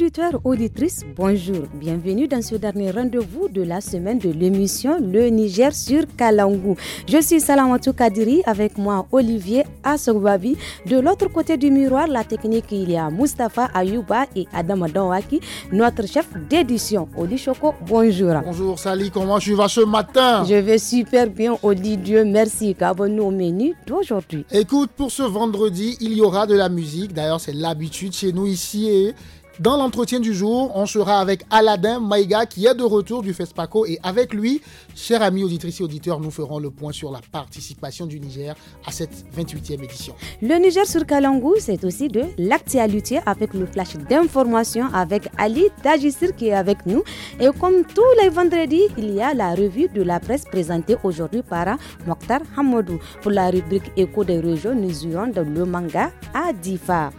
Auditeurs, auditrices, bonjour. Bienvenue dans ce dernier rendez-vous de la semaine de l'émission Le Niger sur Kalangou. Je suis Salamatou Kadiri, avec moi Olivier Assogbabi. De l'autre côté du miroir, la technique, il y a Mustapha Ayuba et Adam Adonwaki, notre chef d'édition. Oli Choco, bonjour. Bonjour Sali, comment tu vas ce matin Je vais super bien, Oli Dieu, merci. Abonne-nous au menu d'aujourd'hui. Écoute, pour ce vendredi, il y aura de la musique. D'ailleurs, c'est l'habitude chez nous ici. Et dans l'entretien du jour, on sera avec Aladdin Maïga qui est de retour du FESPACO et avec lui, chers amis auditrices et auditeurs, nous ferons le point sur la participation du Niger à cette 28e édition. Le Niger sur Kalangou, c'est aussi de l'actualité avec le flash d'information avec Ali Tajissir qui est avec nous. Et comme tous les vendredis, il y a la revue de la presse présentée aujourd'hui par Mokhtar Hamodou Pour la rubrique Écho des régions, nous irons dans le manga à Difa.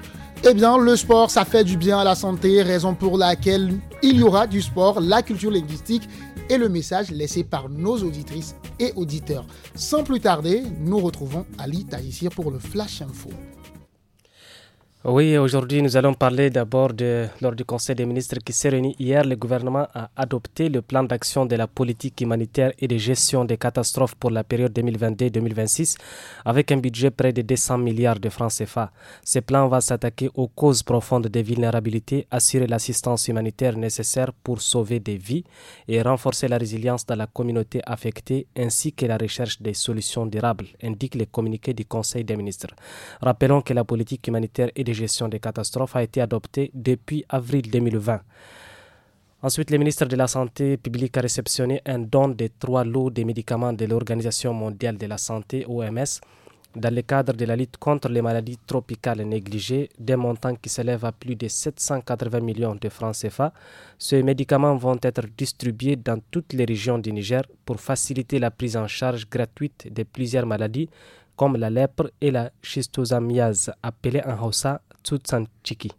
Eh bien, le sport, ça fait du bien à la santé, raison pour laquelle il y aura du sport, la culture linguistique et le message laissé par nos auditrices et auditeurs. Sans plus tarder, nous retrouvons Ali Tahissir pour le Flash Info. Oui, aujourd'hui nous allons parler d'abord de, lors du Conseil des ministres qui s'est réuni hier, le gouvernement a adopté le plan d'action de la politique humanitaire et de gestion des catastrophes pour la période 2022-2026 avec un budget près de 200 milliards de francs CFA. Ce plan va s'attaquer aux causes profondes des vulnérabilités, assurer l'assistance humanitaire nécessaire pour sauver des vies et renforcer la résilience dans la communauté affectée ainsi que la recherche des solutions durables, indique le communiqué du Conseil des ministres. Rappelons que la politique humanitaire et de gestion des catastrophes a été adoptée depuis avril 2020. Ensuite, le ministre de la Santé publique a réceptionné un don de trois lots de médicaments de l'Organisation mondiale de la santé, OMS, dans le cadre de la lutte contre les maladies tropicales négligées, d'un montant qui s'élève à plus de 780 millions de francs CFA. Ces médicaments vont être distribués dans toutes les régions du Niger pour faciliter la prise en charge gratuite de plusieurs maladies comme la lèpre et la schistosomiase, appelée en Hausa Tsutsanchiki.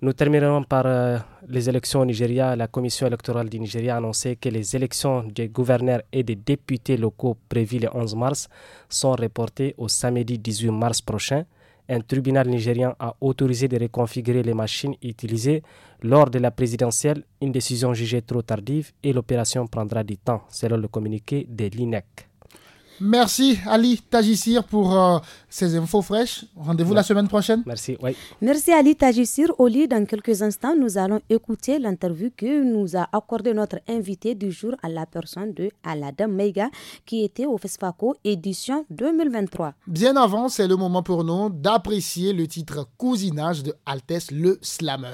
Nous terminerons par euh, les élections au Nigeria. La Commission électorale du Nigeria a annoncé que les élections des gouverneurs et des députés locaux prévues le 11 mars sont reportées au samedi 18 mars prochain. Un tribunal nigérien a autorisé de reconfigurer les machines utilisées lors de la présidentielle, une décision jugée trop tardive et l'opération prendra du temps, selon le communiqué de l'INEC. Merci Ali Tajissir pour euh, ces infos fraîches. Rendez-vous la semaine prochaine. Merci. Merci Ali Tajissir. Au lieu, dans quelques instants, nous allons écouter l'interview que nous a accordé notre invité du jour à la personne de Aladdin Meiga qui était au FESFACO édition 2023. Bien avant, c'est le moment pour nous d'apprécier le titre Cousinage de Altes le Slammer.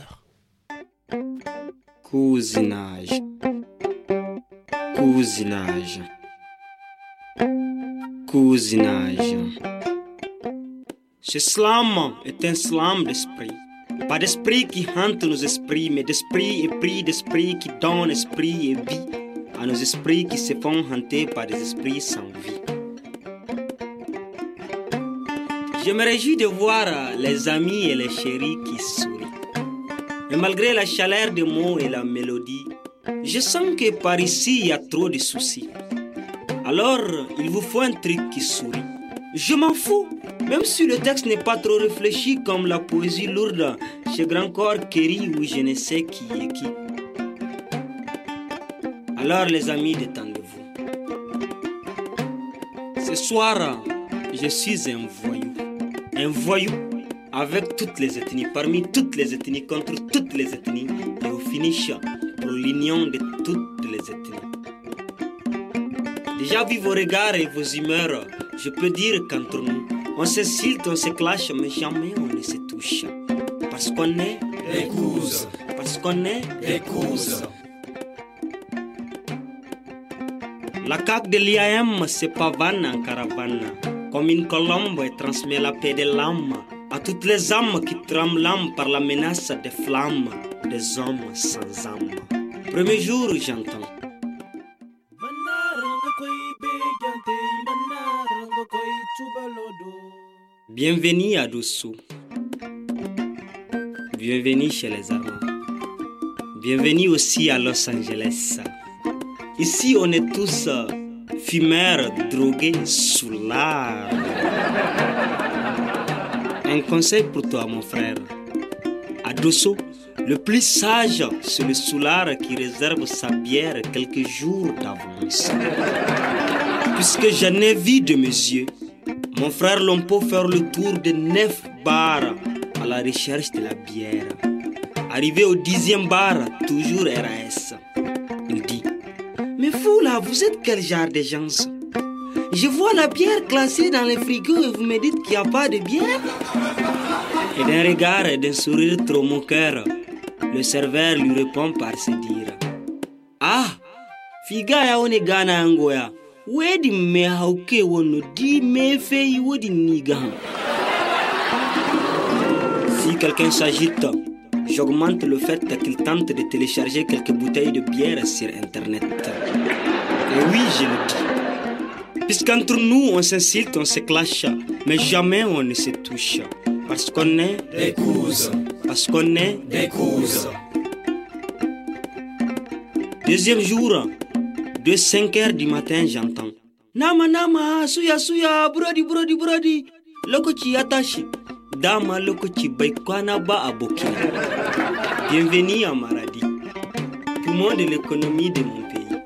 Cousinage. Cousinage cousinage. Ce slam est un slam d'esprit. Pas d'esprit qui hante nos esprits, mais d'esprit et prix d'esprit qui donne esprit et vie à nos esprits qui se font hanter par des esprits sans vie. Je me réjouis de voir les amis et les chéris qui sourient. Et malgré la chaleur des mots et la mélodie, je sens que par ici il y a trop de soucis. Alors, il vous faut un truc qui sourit. Je m'en fous, même si le texte n'est pas trop réfléchi comme la poésie lourde chez Grand Corps, Kerry ou je ne sais qui est qui. Alors les amis, détendez-vous. Ce soir, je suis un voyou. Un voyou avec toutes les ethnies, parmi toutes les ethnies, contre toutes les ethnies, et au finish, pour l'union de toutes Déjà vu vos regards et vos humeurs, je peux dire qu'entre nous, on se silte, on se clash, mais jamais on ne se touche. Parce qu'on est les Parce qu'on est les couses. La carte de l'IAM se pavane en caravane, comme une colombe et transmet la paix de l'âme à toutes les âmes qui tremblent par la menace des flammes des hommes sans âme. Premier jour, j'entends Bienvenue à Dosso. Bienvenue chez les Allemands. Bienvenue aussi à Los Angeles. Ici, on est tous euh, fumeurs, drogués, sous Un conseil pour toi, mon frère. À Dosso, le plus sage, c'est le soulard qui réserve sa bière quelques jours d'avance. Puisque je ai vu de mes yeux, mon frère, l'on peut faire le tour de neuf bars à la recherche de la bière. Arrivé au dixième bar, toujours RAS. Il dit Mais vous là, vous êtes quel genre de gens Je vois la bière classée dans les frigos et vous me dites qu'il n'y a pas de bière Et d'un regard et d'un sourire trop moqueur, le serveur lui répond par se dire Ah, figa ya angoya si quelqu'un s'agite j'augmente le fait qu'il tente de télécharger quelques bouteilles de bière sur internet et oui je le dis puisqu'entre nous on s'insulte on se clash mais jamais on ne se touche parce qu'on est des cousins, parce qu'on est des cousins. deuxième jour de 5 heures du matin, j'entends. Nama nama, suya suya, Dama ba Bienvenue à Maradi. Poumon de l'économie de mon pays.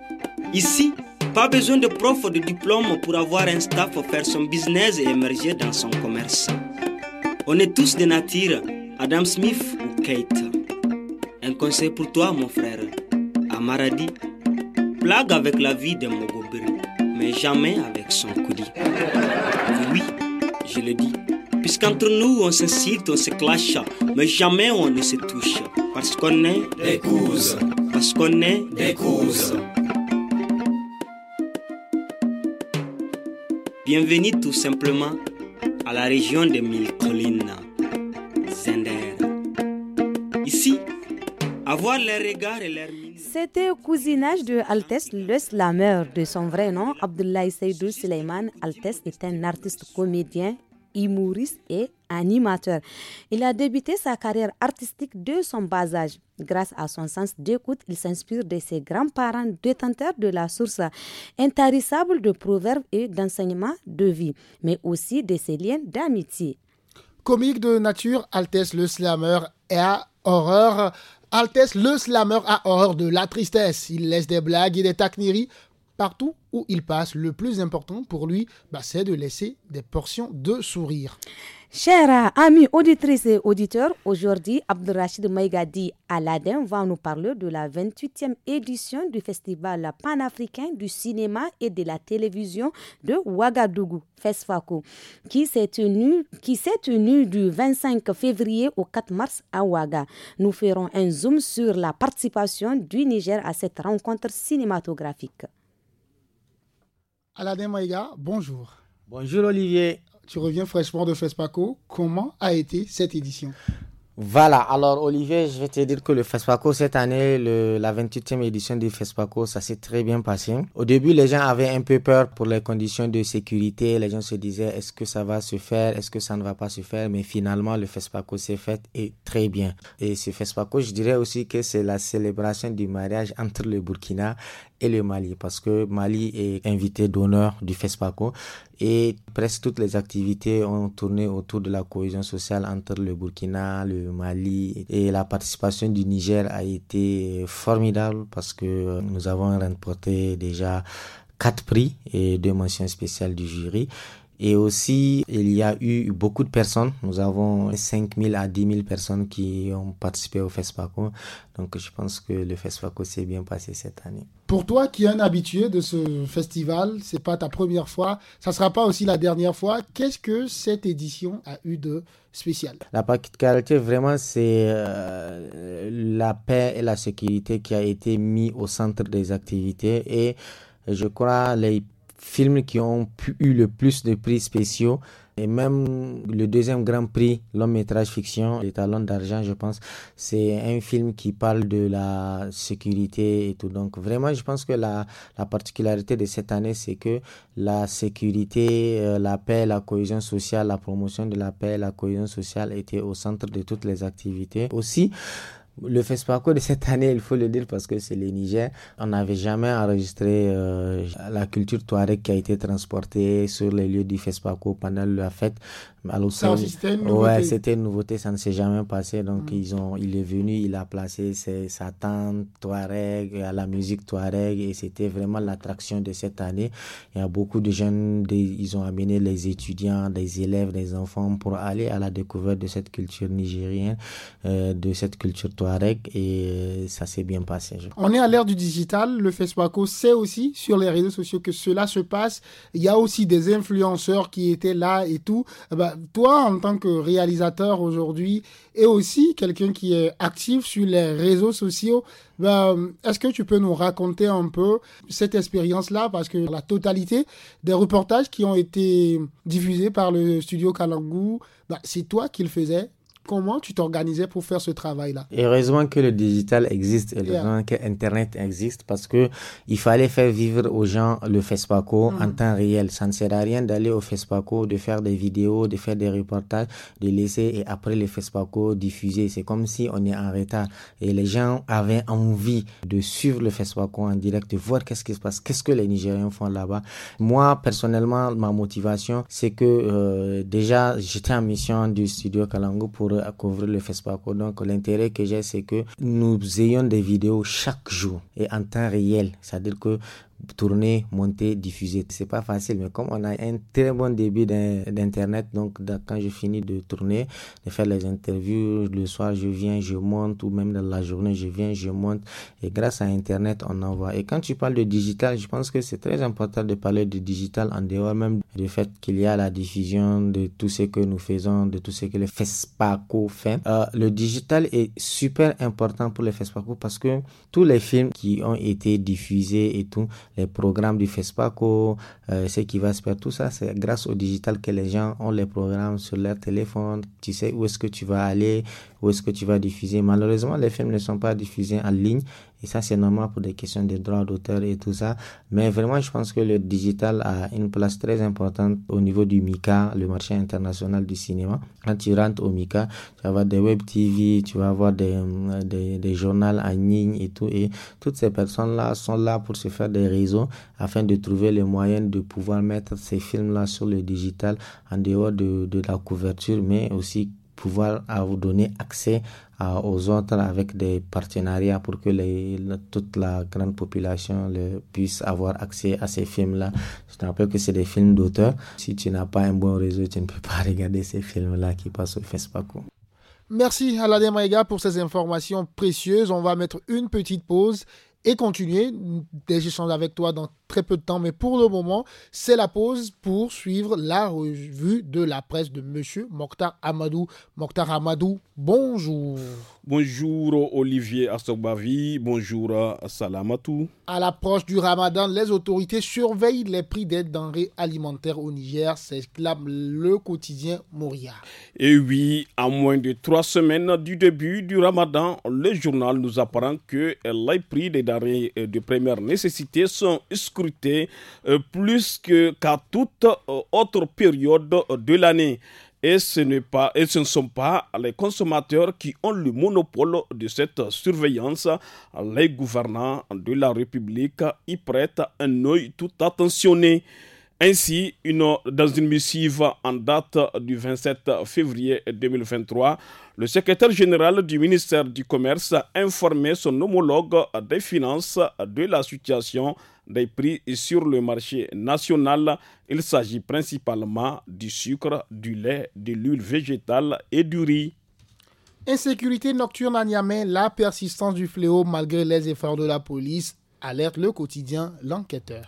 Ici, pas besoin de prof de diplôme pour avoir un staff pour faire son business et émerger dans son commerce. On est tous de nature, Adam Smith ou Kate. Un conseil pour toi, mon frère. À Maradi, plague avec la vie des Mogobiri, mais jamais avec son coulis. Oui, je le dis, puisqu'entre nous on s'incite, on se clash, mais jamais on ne se touche, parce qu'on est des causes, parce qu'on est des causes. Bienvenue tout simplement à la région des mille collines. Avoir les regards et C'était cousinage de Altesse le slammer. De son vrai nom, Abdoulaye Seydou Suleiman, Altesse est un artiste comédien, humoriste et animateur. Il a débuté sa carrière artistique de son bas âge. Grâce à son sens d'écoute, il s'inspire de ses grands-parents détenteurs de la source intarissable de proverbes et d'enseignements de vie, mais aussi de ses liens d'amitié. Comique de nature, Altesse le est à horreur Altes, le slammer a horreur de la tristesse. Il laisse des blagues et des taquineries Partout où il passe, le plus important pour lui, bah, c'est de laisser des portions de sourire. Chers amis auditrices et auditeurs, aujourd'hui, Abdelrachid Maïgadi Aladin va nous parler de la 28e édition du Festival panafricain du cinéma et de la télévision de Ouagadougou, FESFACO, qui s'est tenu, tenu, du 25 février au 4 mars à Ouaga. Nous ferons un zoom sur la participation du Niger à cette rencontre cinématographique. Aladin Maïga, bonjour. Bonjour Olivier. Tu reviens fraîchement de FESPACO. Comment a été cette édition voilà, alors Olivier, je vais te dire que le FESPACO cette année, la 28e édition du FESPACO, ça s'est très bien passé. Au début, les gens avaient un peu peur pour les conditions de sécurité. Les gens se disaient, est-ce que ça va se faire Est-ce que ça ne va pas se faire Mais finalement, le FESPACO s'est fait et très bien. Et ce FESPACO, je dirais aussi que c'est la célébration du mariage entre le Burkina et le Mali, parce que Mali est invité d'honneur du FESPACO et presque toutes les activités ont tourné autour de la cohésion sociale entre le Burkina, le Mali et la participation du Niger a été formidable parce que euh, nous avons remporté déjà quatre prix et deux mentions spéciales du jury. Et aussi, il y a eu beaucoup de personnes. Nous avons 5 000 à 10 000 personnes qui ont participé au FESPACO. Donc, je pense que le FESPACO s'est bien passé cette année. Pour toi, qui es un habitué de ce festival, c'est pas ta première fois, ça sera pas aussi la dernière fois. Qu'est-ce que cette édition a eu de spécial La Caractère, vraiment, c'est euh, la paix et la sécurité qui a été mis au centre des activités et je crois les films qui ont pu, eu le plus de prix spéciaux. Et même le deuxième grand prix, long métrage fiction, Les Talons d'Argent, je pense, c'est un film qui parle de la sécurité et tout. Donc vraiment, je pense que la, la particularité de cette année, c'est que la sécurité, euh, la paix, la cohésion sociale, la promotion de la paix, la cohésion sociale était au centre de toutes les activités. Aussi, le FESPACO de cette année, il faut le dire parce que c'est le Niger. On n'avait jamais enregistré euh, la culture touareg qui a été transportée sur les lieux du FESPACO pendant la fête. Alors, ça, c'était une nouveauté. Ouais, c'était une nouveauté, ça ne s'est jamais passé. Donc, mm. ils ont, il est venu, il a placé sa tente touareg à euh, la musique touareg et c'était vraiment l'attraction de cette année. Il y a beaucoup de jeunes, ils ont amené les étudiants, des élèves, des enfants pour aller à la découverte de cette culture nigérienne, euh, de cette culture touareg et euh, ça s'est bien passé. On est à l'ère du digital. Le FESPACO sait aussi sur les réseaux sociaux que cela se passe. Il y a aussi des influenceurs qui étaient là et tout. Eh ben, toi, en tant que réalisateur aujourd'hui et aussi quelqu'un qui est actif sur les réseaux sociaux, ben, est-ce que tu peux nous raconter un peu cette expérience-là Parce que la totalité des reportages qui ont été diffusés par le studio Kalangu, ben, c'est toi qui le faisais Comment tu t'organisais pour faire ce travail-là Heureusement que le digital existe, heureusement yeah. que Internet existe, parce que il fallait faire vivre aux gens le FESPACO en mm. temps réel. Ça ne sert à rien d'aller au FESPACO, de faire des vidéos, de faire des reportages, de laisser et après le FESPACO diffuser. C'est comme si on est en retard. Et les gens avaient envie de suivre le FESPACO en direct, de voir qu'est-ce qui se passe, qu'est-ce que les Nigériens font là-bas. Moi, personnellement, ma motivation, c'est que euh, déjà, j'étais en mission du studio Kalango pour euh, à couvrir le Facebook Donc l'intérêt que j'ai, c'est que nous ayons des vidéos chaque jour et en temps réel. C'est-à-dire que tourner, monter, diffuser. C'est pas facile, mais comme on a un très bon débit d'internet, donc quand je finis de tourner, de faire les interviews, le soir je viens, je monte, ou même dans la journée je viens, je monte, et grâce à internet on envoie. Et quand tu parles de digital, je pense que c'est très important de parler de digital en dehors même du fait qu'il y a la diffusion de tout ce que nous faisons, de tout ce que les FESPACO fait. Euh, le digital est super important pour les FESPACO parce que tous les films qui ont été diffusés et tout les programmes du FESPACO, euh, ce qui va se faire, tout ça, c'est grâce au digital que les gens ont les programmes sur leur téléphone. Tu sais où est-ce que tu vas aller, où est-ce que tu vas diffuser. Malheureusement, les films ne sont pas diffusés en ligne et ça, c'est normal pour des questions de droits d'auteur et tout ça. Mais vraiment, je pense que le digital a une place très importante au niveau du MICA, le marché international du cinéma. Quand tu rentres au MICA, tu vas avoir des web TV, tu vas avoir des, des, des journaux en ligne et tout. Et toutes ces personnes-là sont là pour se faire des réseaux afin de trouver les moyens de pouvoir mettre ces films-là sur le digital en dehors de, de la couverture, mais aussi pouvoir à vous donner accès aux autres avec des partenariats pour que toute la grande population le, puisse avoir accès à ces films-là. Je te rappelle que c'est des films d'auteur. Si tu n'as pas un bon réseau, tu ne peux pas regarder ces films-là qui passent au Facebook. Merci à la Maïga pour ces informations précieuses. On va mettre une petite pause et continuer des échanges avec toi dans très peu de temps, mais pour le moment, c'est la pause pour suivre la revue de la presse de Monsieur Mokhtar Amadou. Mokhtar Amadou, bonjour. Bonjour Olivier Asogbavi, bonjour Salamatou. À l'approche du ramadan, les autorités surveillent les prix des denrées alimentaires au Niger, s'exclame le quotidien Moria. Et oui, à moins de trois semaines du début du ramadan, le journal nous apprend que les prix des denrées de première nécessité sont euh, plus qu'à toute euh, autre période euh, de l'année et ce, n'est pas, et ce ne sont pas les consommateurs qui ont le monopole de cette surveillance. Les gouvernants de la République y prêtent un œil tout attentionné. Ainsi, dans une missive en date du 27 février 2023, le secrétaire général du ministère du Commerce a informé son homologue des Finances de la situation des prix sur le marché national. Il s'agit principalement du sucre, du lait, de l'huile végétale et du riz. Insécurité nocturne à Niamey, la persistance du fléau malgré les efforts de la police, alerte le quotidien L'enquêteur.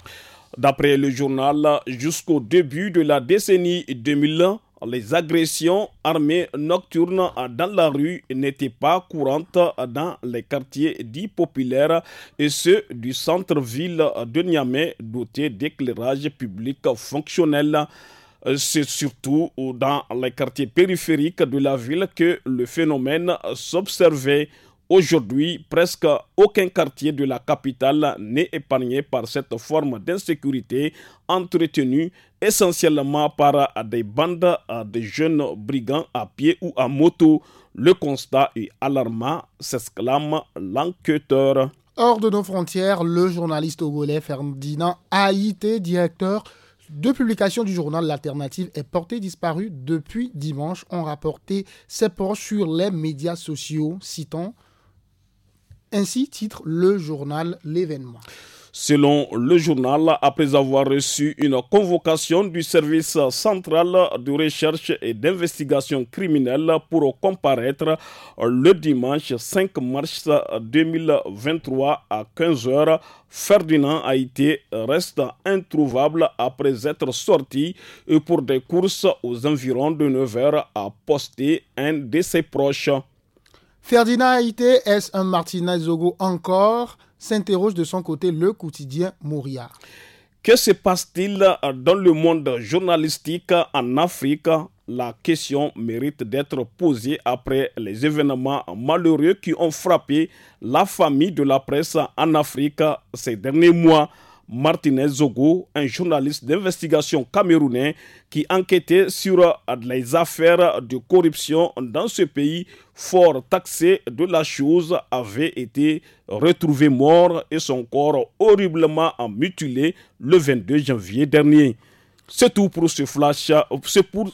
D'après le journal, jusqu'au début de la décennie 2001, les agressions armées nocturnes dans la rue n'étaient pas courantes dans les quartiers dits populaires et ceux du centre-ville de Niamey dotés d'éclairage public fonctionnel. C'est surtout dans les quartiers périphériques de la ville que le phénomène s'observait. Aujourd'hui, presque aucun quartier de la capitale n'est épargné par cette forme d'insécurité entretenue essentiellement par des bandes euh, de jeunes brigands à pied ou à moto. Le constat est alarmant, s'exclame l'enquêteur. Hors de nos frontières, le journaliste togolais Ferdinand Haïté, directeur de publication du journal L'Alternative est porté disparu depuis dimanche ont rapporté ses proches sur les médias sociaux, citant ainsi titre le journal L'événement. Selon le journal, après avoir reçu une convocation du service central de recherche et d'investigation criminelle pour comparaître le dimanche 5 mars 2023 à 15h, Ferdinand a été reste introuvable après être sorti pour des courses aux environs de 9h à poster un de ses proches. Ferdinand Haïté, est-ce un Martinez Zogo encore s'interroge de son côté le quotidien Mouria. Que se passe-t-il dans le monde journalistique en Afrique La question mérite d'être posée après les événements malheureux qui ont frappé la famille de la presse en Afrique ces derniers mois. Martinez Zogo, un journaliste d'investigation camerounais qui enquêtait sur euh, les affaires de corruption dans ce pays fort taxé de la chose, avait été retrouvé mort et son corps horriblement mutilé le 22 janvier dernier. C'est tout pour ce flash, euh,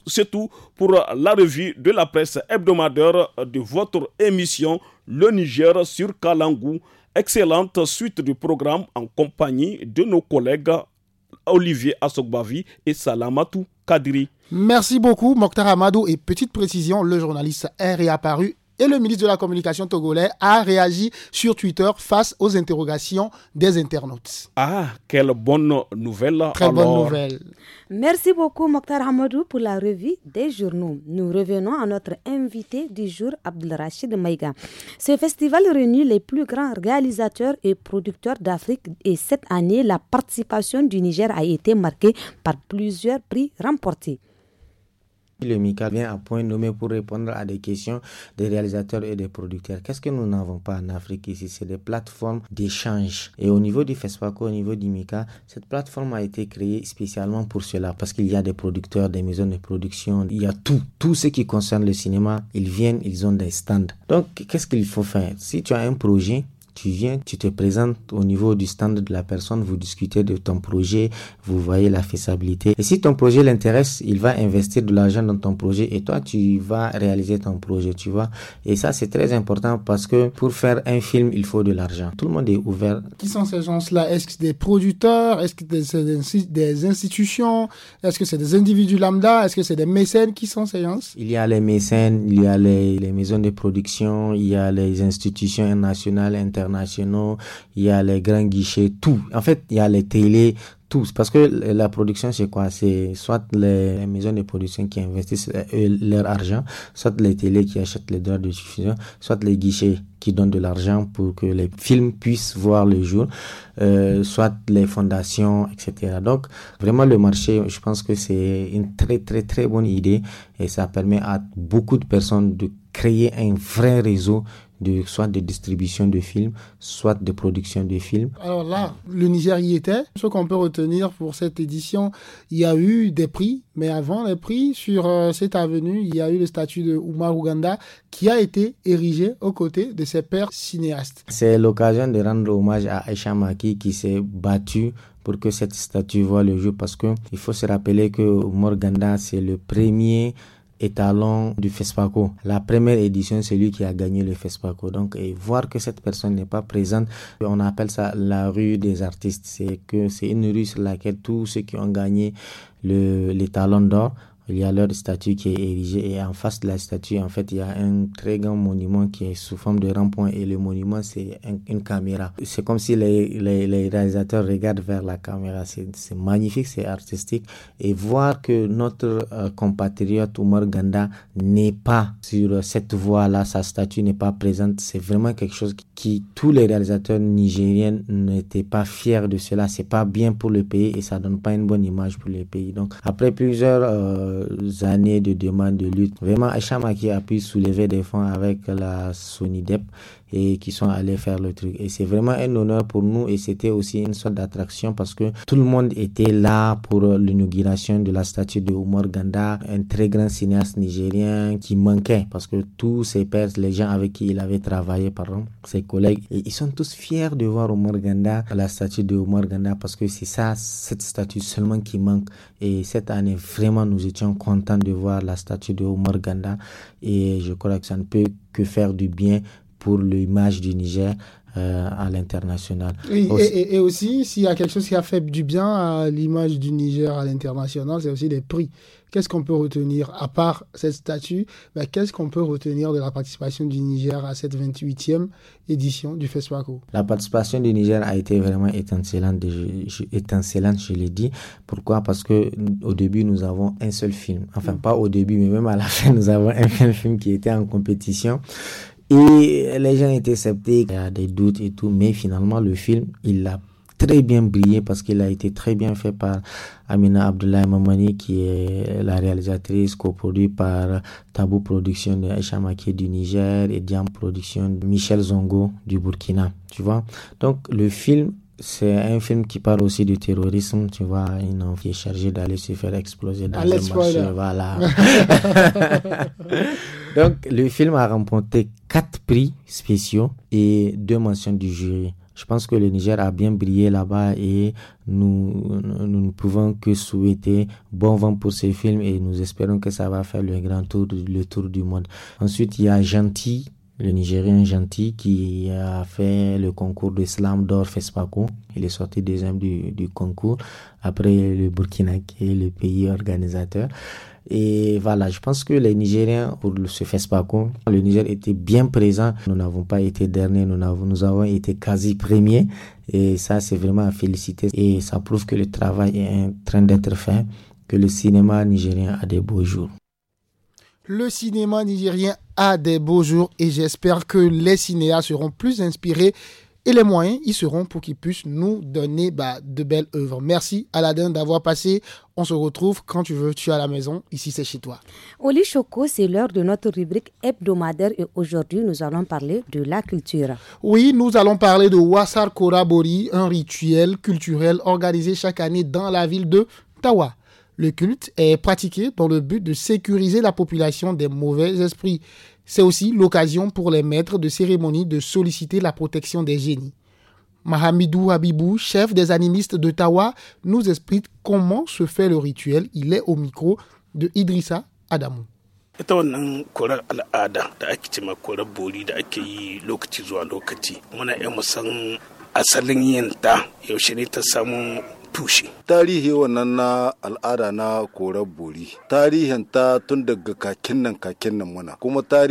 c'est tout pour euh, la revue de la presse hebdomadaire de votre émission Le Niger sur Kalangou excellente suite du programme en compagnie de nos collègues Olivier Asokbavi et Salamatou Kadri. Merci beaucoup, Mokhtar Amadou. Et petite précision, le journaliste est réapparu et le ministre de la Communication togolais a réagi sur Twitter face aux interrogations des internautes. Ah, quelle bonne nouvelle. Très bonne nouvelle. Merci beaucoup Mokhtar Hamadou pour la revue des journaux. Nous revenons à notre invité du jour, Abdelrachid Maïga. Ce festival réunit les plus grands réalisateurs et producteurs d'Afrique et cette année, la participation du Niger a été marquée par plusieurs prix remportés. Le MICA vient à point nommé pour répondre à des questions des réalisateurs et des producteurs. Qu'est-ce que nous n'avons pas en Afrique ici C'est des plateformes d'échange. Et au niveau du FESPACO, au niveau du MICA, cette plateforme a été créée spécialement pour cela, parce qu'il y a des producteurs, des maisons de production, il y a tout. Tout ce qui concerne le cinéma, ils viennent, ils ont des stands. Donc, qu'est-ce qu'il faut faire Si tu as un projet, tu viens, tu te présentes au niveau du stand de la personne, vous discutez de ton projet, vous voyez la faisabilité. Et si ton projet l'intéresse, il va investir de l'argent dans ton projet et toi, tu vas réaliser ton projet, tu vois. Et ça, c'est très important parce que pour faire un film, il faut de l'argent. Tout le monde est ouvert. Qui sont ces gens-là Est-ce que des producteurs Est-ce que c'est des, institutions Est-ce que c'est des individus lambda Est-ce que c'est des mécènes Qui sont ces gens Il y a les mécènes, il y a les, les maisons de production, il y a les institutions nationales, internationales il y a les grands guichets, tout. En fait, il y a les télés, tous. Parce que la production, c'est quoi C'est soit les maisons de production qui investissent euh, leur argent, soit les télés qui achètent les droits de diffusion, soit les guichets qui donnent de l'argent pour que les films puissent voir le jour, euh, soit les fondations, etc. Donc, vraiment, le marché, je pense que c'est une très, très, très bonne idée et ça permet à beaucoup de personnes de créer un vrai réseau soit de distribution de films, soit de production de films. Alors là, le Niger y était. Ce qu'on peut retenir pour cette édition, il y a eu des prix, mais avant les prix, sur euh, cette avenue, il y a eu le statut de Umar Ouganda qui a été érigé aux côtés de ses pères cinéastes. C'est l'occasion de rendre hommage à Aisha Maki qui s'est battu pour que cette statue voit le jour parce qu'il faut se rappeler que Oumar c'est le premier étalon du FESPACO. La première édition, c'est lui qui a gagné le FESPACO. Donc, et voir que cette personne n'est pas présente, on appelle ça la rue des artistes. C'est que c'est une rue sur laquelle tous ceux qui ont gagné le, les d'or il y a leur statue qui est érigée et en face de la statue, en fait, il y a un très grand monument qui est sous forme de rond et le monument, c'est une caméra. C'est comme si les, les, réalisateurs regardent vers la caméra. C'est magnifique, c'est artistique. Et voir que notre euh, compatriote Omar Ganda n'est pas sur cette voie-là, sa statue n'est pas présente, c'est vraiment quelque chose qui, tous les réalisateurs nigériens n'étaient pas fiers de cela. C'est pas bien pour le pays et ça donne pas une bonne image pour le pays. Donc, après plusieurs... Euh, euh, années de demandes de lutte. Vraiment, qui a pu soulever des fonds avec la DEP et qui sont allés faire le truc. Et c'est vraiment un honneur pour nous et c'était aussi une sorte d'attraction parce que tout le monde était là pour l'inauguration de la statue de Omar Ganda, un très grand cinéaste nigérien qui manquait parce que tous ses pères, les gens avec qui il avait travaillé, pardon, ses collègues, ils sont tous fiers de voir Omar Ganda, la statue de Omar Ganda parce que c'est ça, cette statue seulement qui manque. Et cette année, vraiment, nous étions contents de voir la statue de Omar Ganda et je crois que ça ne peut que faire du bien pour l'image du Niger euh, à l'international. Et, aussi, s'il y a quelque chose qui a fait du bien à l'image du Niger à l'international, c'est aussi les prix. Qu'est-ce qu'on peut retenir, à part cette statue, bah, qu'est-ce qu'on peut retenir de la participation du Niger à cette 28e édition du FESPACO La participation du Niger a été vraiment étincelante, je, je l'ai dit. Pourquoi Parce que au début, nous avons un seul film. Enfin, mm. pas au début, mais même à la fin, nous avons un film qui était en compétition et les gens étaient sceptiques, il y a des doutes et tout, mais finalement le film, il a très bien brillé parce qu'il a été très bien fait par Amina Abdullah Mamani qui est la réalisatrice coproduit par Tabou Production de Aisha du Niger et Diam Production de Michel Zongo du Burkina, tu vois. Donc le film c'est un film qui parle aussi du terrorisme, tu vois, une qui est chargé d'aller se faire exploser dans le marché, voilà. Donc, le film a remporté quatre prix spéciaux et deux mentions du jury. Je pense que le Niger a bien brillé là-bas et nous, nous ne pouvons que souhaiter bon vent pour ce film et nous espérons que ça va faire le grand tour, le tour du monde. Ensuite, il y a Gentil, le Nigérien Gentil qui a fait le concours de slam d'or FESPACO. Il est sorti deuxième du, du concours après le Burkina qui est le pays organisateur. Et voilà, je pense que les Nigériens, se fassent pas con, le Niger était bien présent. Nous n'avons pas été derniers, nous, avons, nous avons été quasi premiers. Et ça, c'est vraiment à féliciter. Et ça prouve que le travail est en train d'être fait, que le cinéma nigérien a des beaux jours. Le cinéma nigérien a des beaux jours et j'espère que les cinéas seront plus inspirés et les moyens y seront pour qu'ils puissent nous donner bah, de belles œuvres. Merci Aladdin d'avoir passé. On se retrouve quand tu veux, tu es à la maison, ici c'est chez toi. Oli Choco, c'est l'heure de notre rubrique hebdomadaire et aujourd'hui nous allons parler de la culture. Oui, nous allons parler de Wassar Korabori, un rituel culturel organisé chaque année dans la ville de Tawa. Le culte est pratiqué dans le but de sécuriser la population des mauvais esprits. C'est aussi l'occasion pour les maîtres de cérémonie de solliciter la protection des génies. Mahamidou Habibou, chef des animistes de Tawa, nous explique comment se fait le rituel. Il est au micro de Idrissa Adamou. ita wannan korar al'ada da ake cema korar bori da ake yi lokaci zuwa lokaci muna iya musan asalin yin ta yaushe ne ta samu tushe tarihi wannan na al'ada na korar bori ta tun daga kakin nan kakin nan muna kuma ta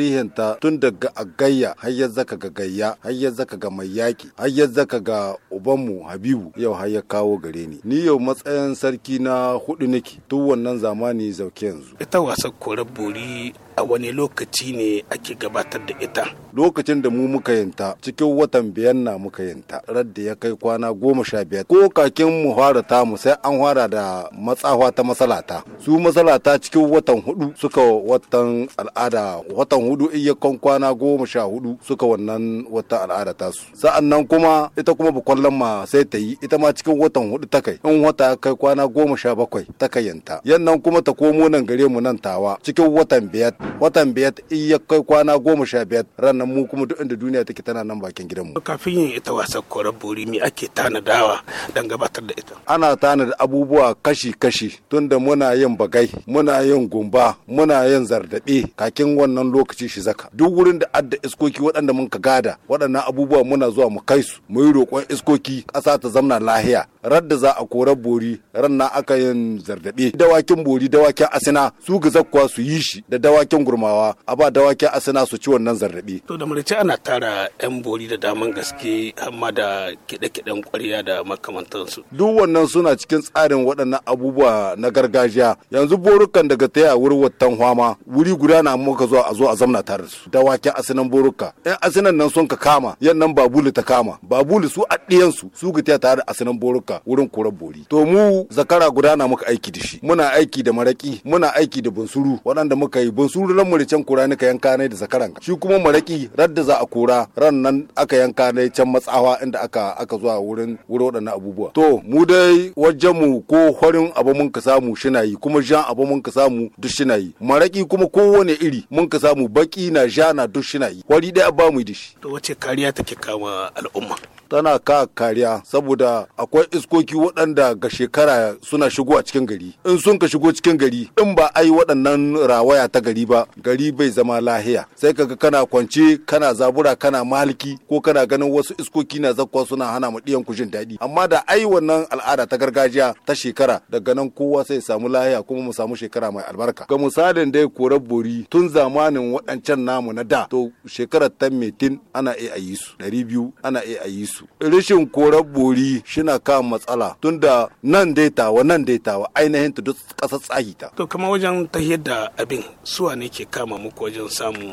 tun daga agayya har ya zaka ga gayya har zaka ga mai yaki har zaka ga ubanmu habibu yau har ya kawo gare ni ni yau matsayin sarki na hudu nake tun wannan zamani zauke yanzu ita wasan korar bori a wani lokaci ne ake gabatar da ita lokacin da mu muka yinta cikin watan biyan na muka yinta radda ya kai kwana goma sha biyar ko kakin mu fara mu sai an fara da matsawa ta masalata su masalata cikin watan hudu suka watan al'ada watan hudu kan kwana goma sha hudu suka wannan wata al'ada ta su. sa'an nan kuma ita kuma kwallon ma sai ta yi ita ma cikin watan hudu ta kai in wata kai kwana goma sha bakwai ta kayanta yannan kuma ta komo nan gare mu nan tawa cikin watan biyar watan biyar iya ya kai kwana goma sha biyar ranar mu kuma duk inda duniya take tana nan bakin gidanmu. kafin yin ita wasan koren bori me ake tanadawa don gabatar da ita. ana tanada abubuwa kashi-kashi tunda muna yin bagai muna yin gumba muna yin zardaɓe kakin wannan lokaci shi zaka duk wurin da adda iskoki waɗanda mun ka gada waɗannan abubuwa muna zuwa mu kai su mu yi roƙon iskoki ƙasa ta zamna lahiya radda za a korar bori ranna aka yin zardabe dawakin bori dawakin asina su ga zakkuwa su yi shi da dawakin cikin gurmawa a ba a asina su ci wannan zarrabi to da murice ana tara yan bori da daman gaske amma da kiɗe-kiɗen ƙwarya da makamantansu duk wannan suna cikin tsarin waɗannan abubuwa na gargajiya yanzu borukan daga taya wurin wattan hwama wuri guda na muka zuwa a zo a zamna tare da su dawakin asinan boruka yan asinan nan sun ka kama yan nan babulu ta kama babulu su addiyan su su ga tare da asinan boruka wurin korar bori to mu zakara guda na muka aiki da shi muna aiki da maraki muna aiki da bunsuru waɗanda muka yi bunsuru ran maricen kura ni ka yanka ne da zakaran shi kuma maraki radda za a kora ran nan aka yanka ne can matsawa inda aka aka zuwa wurin wurin waɗannan abubuwa to mu dai wajen mu ko horin abu mun ka samu shina yi kuma jan abu mun ka samu duk shina yi maraki kuma kowane iri mun ka samu baki na ja na duk shina yi wari dai ba mu dishi to wace kariya take kama al'umma tana ka kariya saboda akwai iskoki waɗanda ga shekara suna shigo a cikin gari in sun ka shigo cikin gari in ba ai waɗannan rawaya ta gari ba gari bai zama lahiya sai kaga kana kwance kana zabura kana maliki ko kana ganin wasu iskoki na zakwa suna hana mu ɗiyan jin daɗi amma da ai wannan al'ada ta gargajiya ta shekara daga nan kowa sai samu lahiya kuma mu samu shekara mai albarka ga misalin dai korar bori tun zamanin waɗancan namu na da to shekarar ta metin ana iya a yi su ɗari biyu ana iya a yi su su rashin korar bori shina ka matsala tunda nan dai wa nan dai ainihin ta duk kasar tsahi ta to kamar wajen ta da abin suwa ne ke kama muku wajen samu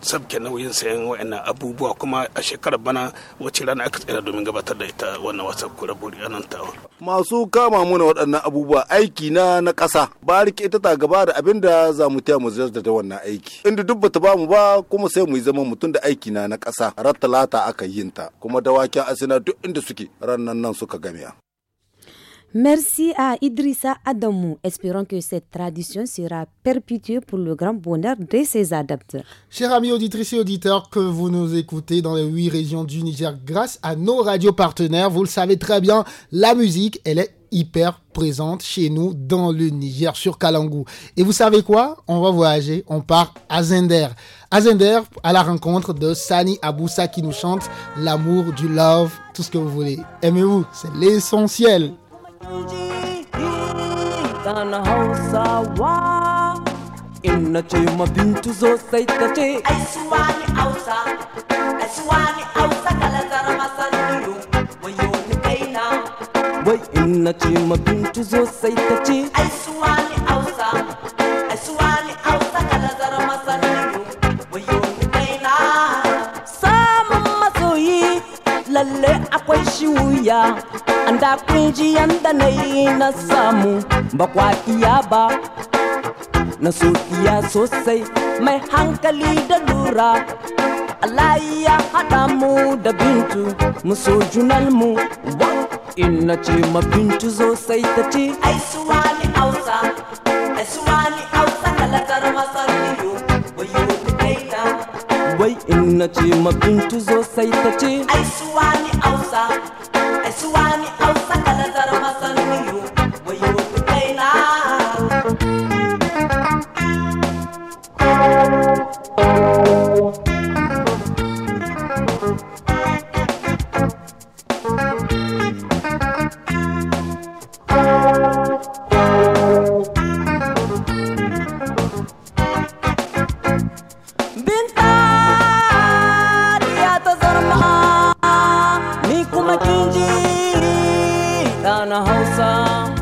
sabke nauyin sayan wa'annan abubuwa kuma a shekarar bana wacce rana aka tsira domin gabatar da ita wannan wasan kura bori anan tawa masu kama muna waɗannan abubuwa aiki na na kasa. ba rike ita ta gaba da abin da za mu taya mu ziyarta da wannan aiki inda duk bata ba mu ba kuma sai mu yi zaman mutum da aiki na na kasa. ƙasa talata aka yin ta kuma da Merci à Idrissa Adamou. Espérons que cette tradition sera perpétuée pour le grand bonheur de ses adeptes. Chers amis auditrices et auditeurs, que vous nous écoutez dans les huit régions du Niger grâce à nos radios partenaires, vous le savez très bien, la musique, elle est hyper présente chez nous dans le Niger sur Kalangou. Et vous savez quoi On va voyager, on part à Zender. À Zender, à la rencontre de Sani Aboussa qui nous chante l'amour, du love, tout ce que vous voulez. Aimez-vous, c'est l'essentiel. wai ina ce ma bintu zo sai ta ce ai suwa ni ausa ai suwa ni ausa kala zara masanin wayo na. samun masoyi lalle akwai shi wuya an da kunji yanda na yi na samu ba kwa iya ba na so iya sosai mai hankali da lura Allah ya haɗa mu da bintu mu so junanmu mu in na ce bintu zo sai ta ce ai suwa ni hausa ai suwa ni hausa halakar masar iyo wayo kaita wai in na ce bintu zo sai ta ce ai suwa ni hausa ai suwa ni hausa now.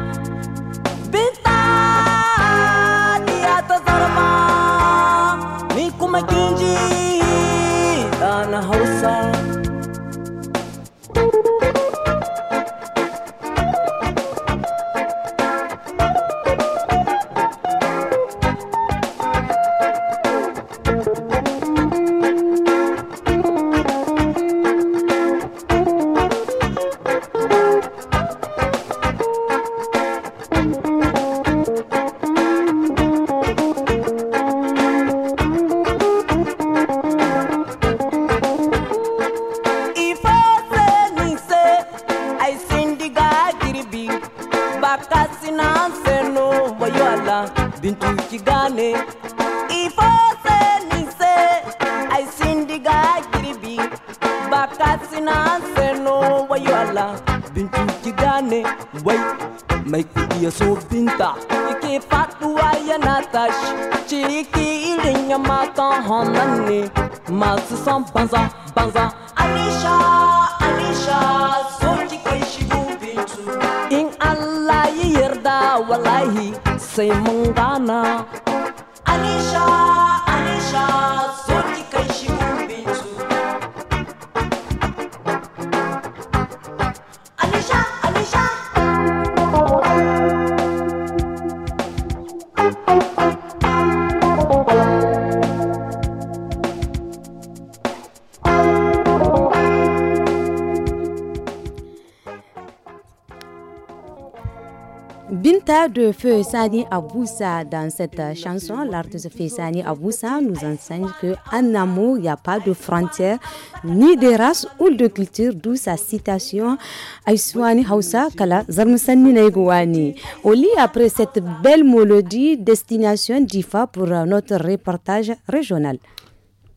de Feu Sani Aboussa dans cette chanson. L'artiste Feu Sani Aboussa nous enseigne qu'en amour, il n'y a pas de frontières, ni de races ou de culture, d'où sa citation Aïswani Hausa Kala Au lit, après cette belle mélodie, destination d'IFA pour notre reportage régional.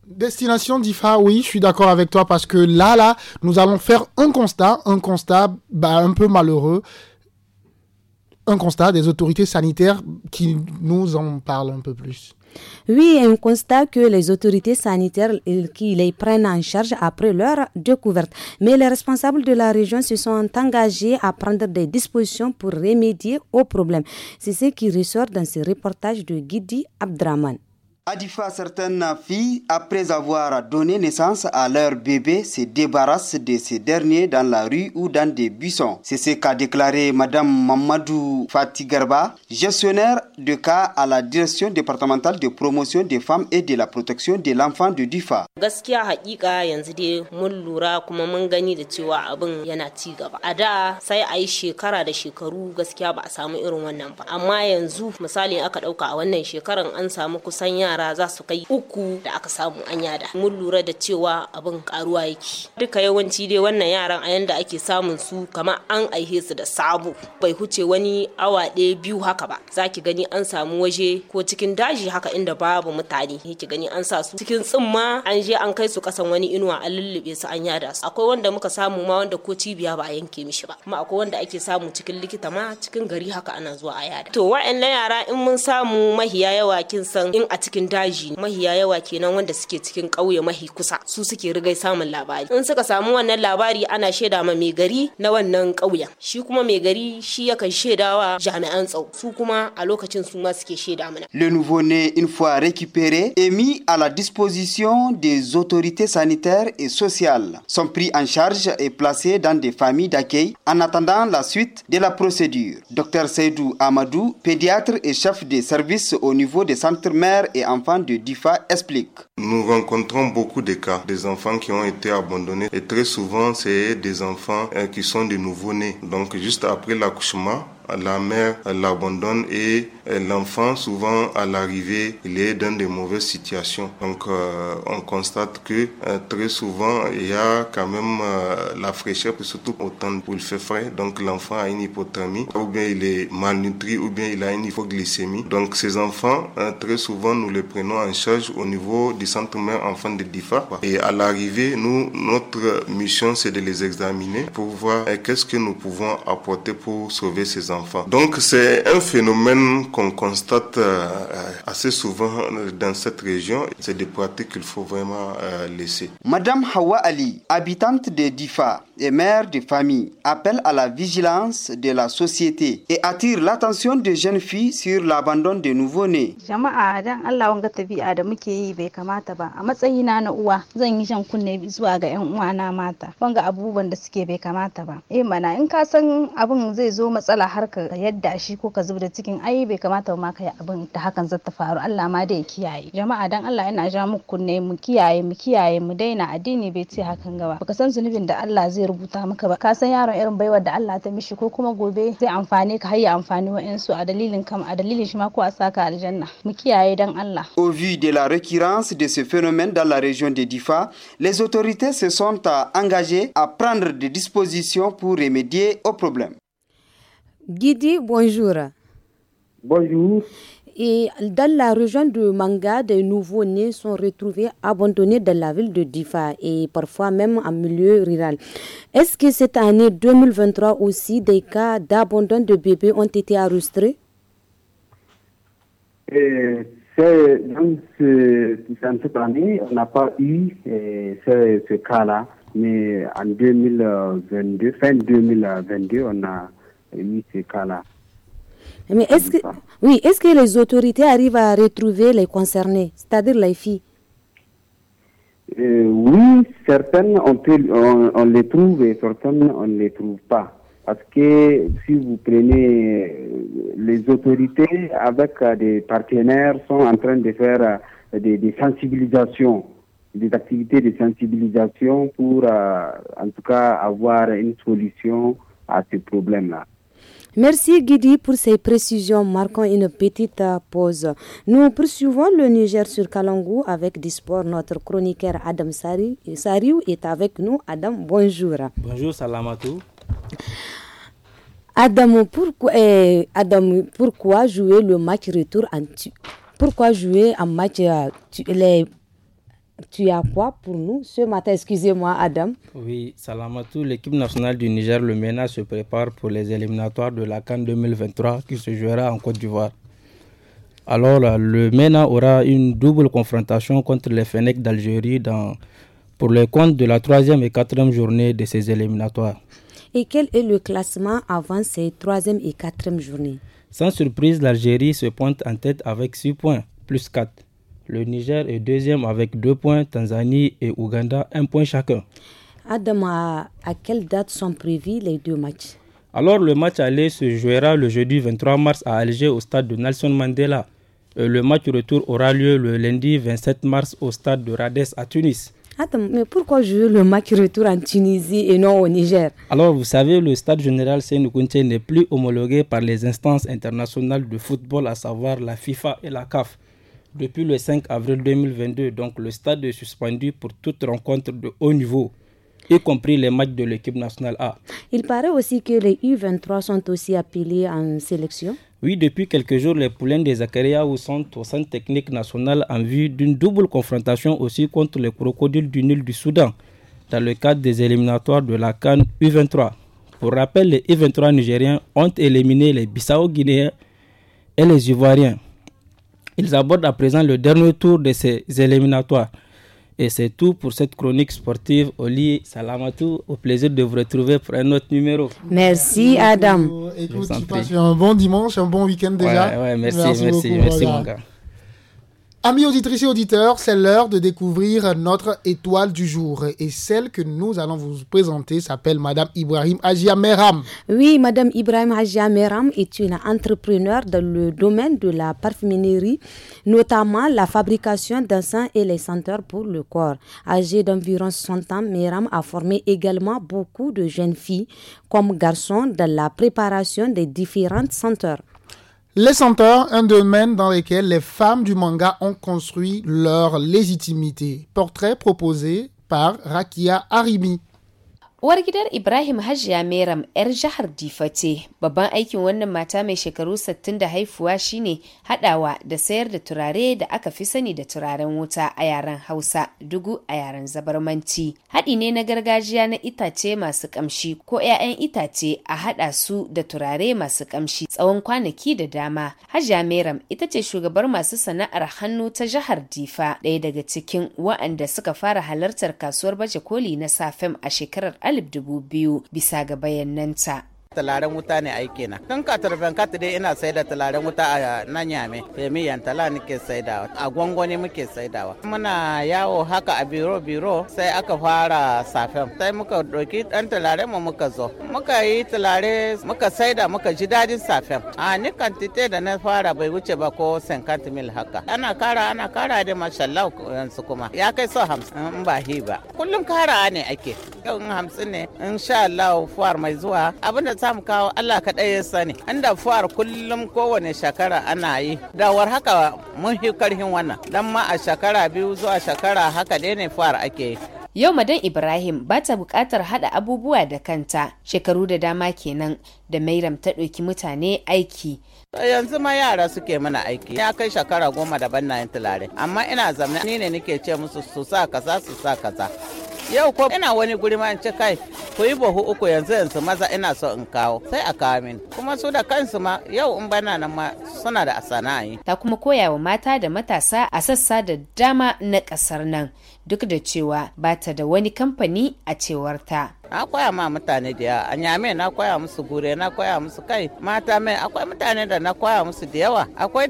Destination d'IFA, oui, je suis d'accord avec toi parce que là, là, nous allons faire un constat, un constat bah, un peu malheureux un constat des autorités sanitaires qui nous en parlent un peu plus. Oui, un constat que les autorités sanitaires euh, qui les prennent en charge après leur découverte. Mais les responsables de la région se sont engagés à prendre des dispositions pour remédier au problème. C'est ce qui ressort dans ce reportage de Gidi Abdraman. Adifa, certaines filles, après avoir donné naissance à leur bébé, se débarrassent de ces derniers dans la rue ou dans des buissons. C'est ce qu'a déclaré Madame Mamadou Fatigarba, gestionnaire de cas à la direction départementale de promotion des femmes et de la protection de l'enfant de Difa. yara za su kai uku da aka samu an yada mun lura da cewa abin karuwa yake duka yawanci dai wannan yaran a yanda ake samun su kamar an aihe su da sabu. bai huce wani awa ɗaya biyu haka ba za ki gani an samu waje ko cikin daji haka inda babu mutane ki gani an sa su cikin tsumma an je an kai su kasan wani inuwa an lullube su an yada su akwai wanda muka samu ma wanda ko cibiya ba a yanke mishi ba kuma akwai wanda ake samu cikin likita ma cikin gari haka ana zuwa a yada to wa'annan yara in mun samu mahiya yawa kin san in a cikin le nouveau né une fois récupéré est mis à la disposition des autorités sanitaires et sociales sont pris en charge et placés dans des familles d'accueil en attendant la suite de la procédure docteur Seydou Amadou pédiatre et chef des services au niveau des centres mères et enfants de DIFA explique. Nous rencontrons beaucoup de cas des enfants qui ont été abandonnés et très souvent c'est des enfants euh, qui sont de nouveau-nés. Donc juste après l'accouchement, la mère l'abandonne et euh, l'enfant, souvent à l'arrivée, il est dans de mauvaises situations. Donc, euh, on constate que euh, très souvent, il y a quand même la fraîcheur, surtout au temps où il fait frais. Donc, l'enfant a une hypothermie, ou bien il est malnutri, ou bien il a une hypoglycémie. Donc, ces enfants, très souvent, nous les prenons en charge au niveau du centre mère enfant de DIFA. Et à l'arrivée, nous, notre mission, c'est de les examiner pour voir qu'est-ce que nous pouvons apporter pour sauver ces enfants. Donc c'est un phénomène qu'on constate euh, euh, assez souvent dans cette région. C'est des pratiques qu'il faut vraiment euh, laisser. Madame Hawa Ali, habitante de Difa, et mères de famille appellent à la vigilance de la société et attirent l'attention des jeunes filles sur l'abandon des nouveau-nés. Jama'a dan Allah wanga tabi'a da muke yi bai kamata ba. A matsayina na uwa zan yi jan kunne zuwa ga ƴan na mata. Wanga abubuwan da suke bai kamata ba. Eh mana in ka san abin zai zo matsala har ka yadda shi ko ka zubda cikin ai bai kamata ma ka yi abin da hakan zai ta faru. Allah ma da ya kiyaye. Jama'a dan Allah yana ja muku kunne mu kiyaye mu kiyaye mu daina addini bai ce hakan gaba. ka san zunubin da Allah zai rubuta maka ba ka san yaron irin baiwar da Allah ta mishi ko kuma gobe zai amfane ka hayya amfani wa'ansu a dalilin kam a dalilin shi ma ko a saka aljanna mu kiyaye dan Allah au vu de la récurrence de ce phénomène dans la région de Difa les autorités se sont engagées à prendre des dispositions pour remédier au problème Gidi bonjour Bonjour et dans la région de Manga, des nouveaux-nés sont retrouvés abandonnés dans la ville de Difa et parfois même en milieu rural. Est-ce que cette année 2023 aussi, des cas d'abandon de bébés ont été enregistrés euh, cette année, on n'a pas eu euh, ce, ce cas-là, mais en 2022, fin 2022, on a eu ce cas-là. Eh, mais est-ce que, oui, est-ce que les autorités arrivent à retrouver les concernés, c'est-à-dire les filles euh, Oui, certaines, on, on, les trouve et certaines, on ne les trouve pas. Parce que si vous prenez euh, les autorités avec euh, des partenaires sont en train de faire des, sensibilisations des activités de sensibilisation pour, en tout cas, avoir une solution à ce problème-là. Merci Guidi pour ces précisions marquant une petite pause. Nous poursuivons le Niger sur Kalangou avec Disport. Notre chroniqueur Adam Sari, Sariou est avec nous. Adam, bonjour. Bonjour Salamatou. Adam, pourquoi, eh, Adam, pourquoi jouer le match retour en, Pourquoi jouer un match euh, les tu as quoi pour nous ce matin Excusez-moi, Adam. Oui, Salamatou, l'équipe nationale du Niger, le MENA, se prépare pour les éliminatoires de la Cannes 2023 qui se jouera en Côte d'Ivoire. Alors, le MENA aura une double confrontation contre les FENEC d'Algérie pour les comptes de la troisième et quatrième journée de ces éliminatoires. Et quel est le classement avant ces troisième et quatrième journées Sans surprise, l'Algérie se pointe en tête avec 6 points, plus 4. Le Niger est deuxième avec deux points, Tanzanie et Ouganda un point chacun. Adam, à, quelle date sont prévus les deux matchs Alors le match aller se jouera le jeudi 23 mars à Alger au stade de Nelson Mandela. Euh, le match retour aura lieu le lundi 27 mars au stade de Rades à Tunis. Adam, mais pourquoi jouer le match retour en Tunisie et non au Niger Alors, vous savez, le stade général contient n'est plus homologué par les instances internationales de football, à savoir la FIFA et la CAF depuis le 5 avril 2022. Donc le stade est suspendu pour toute rencontre de haut niveau y compris les matchs de l'équipe nationale A. Il paraît aussi que les U23 sont aussi appelés en sélection. Oui, depuis quelques jours, les poulains des Akaria sont au centre technique national en vue d'une double confrontation aussi contre les crocodiles du Nil du Soudan dans le cadre des éliminatoires de la Cannes U23. Pour rappel, les U23 nigériens ont éliminé les Bissau-Guinéens et les Ivoiriens. Ils abordent à présent le dernier tour de ces éliminatoires. Et c'est tout pour cette chronique sportive. Oli Salamatou, au plaisir de vous retrouver pour un autre numéro. Merci Adam. Écoute, tu passes un bon dimanche, un bon week-end déjà. merci, merci, merci, mon gars. Amis auditrices et auditeurs, c'est l'heure de découvrir notre étoile du jour. Et celle que nous allons vous présenter s'appelle Madame Ibrahim Ajia Meram. Oui, Madame Ibrahim Ajia Meram est une entrepreneur dans le domaine de la parfumerie, notamment la fabrication d'encens et les senteurs pour le corps. Âgée d'environ 60 ans, Meram a formé également beaucoup de jeunes filles comme garçons dans la préparation des différentes senteurs. Les senteurs, un domaine dans lequel les femmes du manga ont construit leur légitimité. Portrait proposé par Rakia Harimi. Uwar gidar Ibrahim Hajiya Meram 'yar jihar Difate babban aikin wannan mata mai shekaru 60 da haifuwa shine hadawa da sayar da turare da aka fi sani da turaren wuta a yaren Hausa dugu a yaren zabarmanci. Haɗi ne na gargajiya na itace masu kamshi ko 'ya'yan itace a haɗa su da turare masu kamshi tsawon kwanaki da dama. Hajiya Meram ita ce shugabar masu sana'ar hannu ta jihar Difa ɗaya daga cikin wa'anda suka fara halartar kasuwar baje koli na Safem a shekarar alif dubu biyu bisa ga bayannanta. Talaren wuta ne aiki na. Kan katar kati dai ina sai da talaren wuta a nan yame. Femi eh, yantala ke saidawa. A gwangwani muke saidawa. Muna yawo haka a biro biro sai aka fara safen. Sai muka ɗauki dan talare mu muka zo. Muka yi talare muka saida muka ji dadin safen. A ni kantite da na fara bai wuce ba ko senkant mil haka. Ana kara ana kara da mashallah yanzu kuma. Ya kai so hamsin in ba hi ba. Kullum kara ne ake. Yau in hamsin ne in sha Allah fuwar mai zuwa abinda ta mu kawo Allah kaɗai ya sani. An da fuwar kullum kowane shekara ana yi. Dawar haka mun fi karhin wannan. Dan ma a shekara biyu zuwa shekara haka dai ne fuwar ake yi. Yau Madan Ibrahim ba ta buƙatar haɗa abubuwa da kanta shekaru da dama kenan da Mairam ta ɗauki mutane aiki. Yanzu ma yara suke mana aiki ya kai shekara goma daban na yin tulare amma ina zamna ni ne nake ce musu su sa kaza su sa kaza yau ko ina wani guri ma in ce kai ku yi bahu uku yanzu yanzu maza ina so in kawo sai a kawo min kuma su da kansu ma yau in bana nan ma suna da sana'a yi ta kuma koya wa mata da matasa a sassa da dama na kasar nan duk da cewa ba ta da wani kamfani a cewar ta na koya ma mutane da yawa a mai na koya musu gure na koya musu kai mata mai akwai mutane da na koya musu da yawa akwai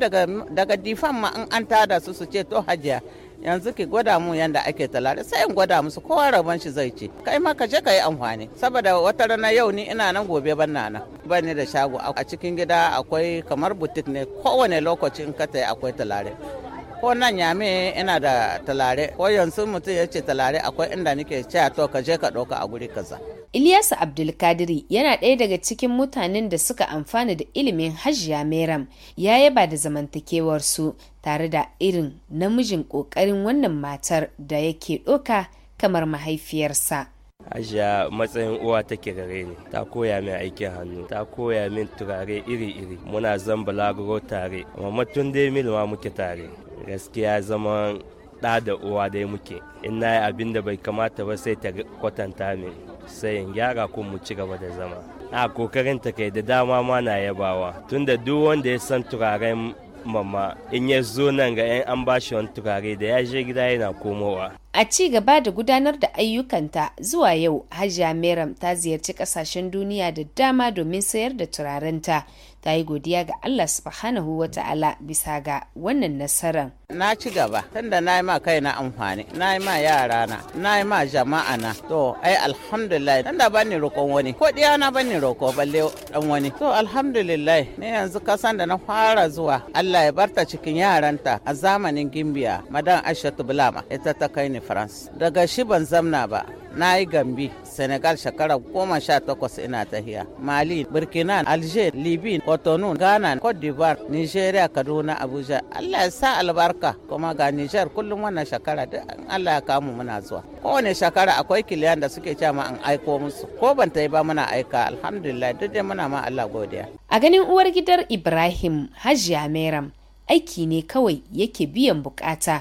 daga difan ma in an tada su su ce to hajiya yanzu ki gwada mu yanda ake talare sai in gwada musu kowa rabon shi zai ci kai ma ka je ka yi amfani saboda wata rana yau ni ina nan gobe ban na nan da shago a cikin gida akwai kamar butik ne kowane lokaci in ka tayi akwai talare ko nan yame ina da talare ko yanzu mutum ya ce talare akwai inda nake cewa to ka je ka ɗauka a guri kaza Ilyasu Abdulkadiri yana ɗaya daga cikin mutanen da suka amfana da ilimin Hajiya Meram ya yaba da zamantakewarsu tare da irin namijin ƙoƙarin wannan matar da yake ɗoka kamar mahaifiyarsa. Hajiya matsayin uwa take gare ni, ta koya min aikin hannu, ta koya min turare iri-iri, muna zan balaguro tare, amma tun dai milima muke tare, gaskiya zaman ɗa da uwa dai muke, in na abin da bai kamata ba sai ta kwatanta min. sai in gyara ko mu ci gaba da zama a kokarin ta kai da dama ma na yabawa tunda duk wanda ya san turaren mamma in ya zo nan ga 'yan an bashi wani turare da ya je gida yana komowa A ci gaba da gudanar da ayyukanta zuwa yau, Hajiya Meram ta ziyarci kasashen duniya da dama domin sayar da turarenta. ta yi godiya ga Allah subhanahu wa ta'ala bisa ga wannan nasarar. Na ci gaba, tunda na yi ma kaina amfani, na yi ma yara na, na yi ma jama'a na. To, ai alhamdulillah, tunda ban ni roƙon wani, ko ɗiya na ban ni roƙo balle ɗan wani. To, alhamdulillah, ne yanzu kasan da na fara zuwa, Allah ya barta cikin yaranta a zamanin Gimbiya, Madan aisha Bulama, ita ta kai ni France. Daga shi ban zamna ba, na yi gambi senegal shekara goma sha takwas ina tahiya mali burkina alger libya cotonou ghana cote d'ivoire nigeria kaduna abuja allah ya sa albarka kuma ga niger kullum wannan shekara duk allah ya kamu muna zuwa kowane shekara akwai kiliyan da suke cewa an aiko musu ko ban ta yi ba muna aika alhamdulillah duk dai muna ma allah godiya a ganin uwar gidar ibrahim hajiya meram aiki ne kawai yake biyan bukata